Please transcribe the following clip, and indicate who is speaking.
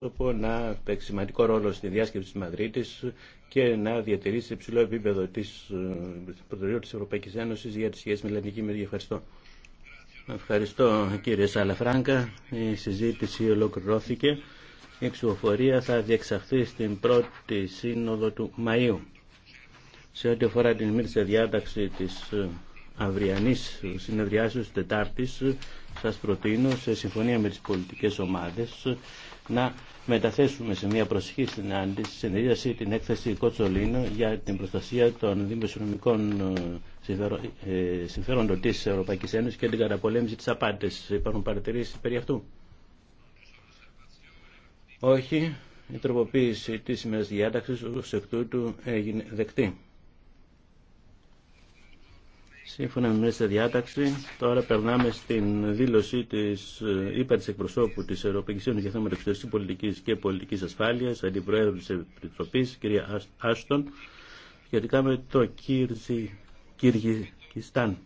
Speaker 1: πρόσωπο να παίξει σημαντικό ρόλο στη διάσκεψη της Μαδρίτης και να διατηρήσει υψηλό επίπεδο της ε, Πρωτοβουλίας της Ευρωπαϊκής Ένωσης για τις σχέσεις με Ελληνική Μερική. Ευχαριστώ. Ευχαριστώ κύριε Σαλαφράγκα. Η συζήτηση ολοκληρώθηκε. Η εξοφορία θα διεξαχθεί στην πρώτη σύνοδο του Μαΐου. Σε ό,τι αφορά την μίληση διάταξη της ε, αυριανής συνεδριάσεως Τετάρτης, σας προτείνω σε συμφωνία με τις πολιτικές ομάδες να μεταθέσουμε σε μια προσεχή συνεδρίαση την έκθεση Κοτσολίνο για την προστασία των δημοσιονομικών ε, συμφέροντων ε, της Ευρωπαϊκής Ένωσης και την καταπολέμηση της απάτης. Υπάρχουν παρατηρήσεις περί αυτού. Όχι. Η τροποποίηση της σημερινής διάταξης ως εκ τούτου έγινε δεκτή. Σύμφωνα με μέσα διάταξη, τώρα περνάμε στην δήλωση τη ε, ύπαρξη εκπροσώπου τη Ευρωπαϊκή Ένωση για θέματα εξωτερική πολιτικής και Πολιτική Ασφάλεια, αντιπροέδρου τη Επιτροπή, κυρία Άστον, σχετικά με το Κυργιστάν.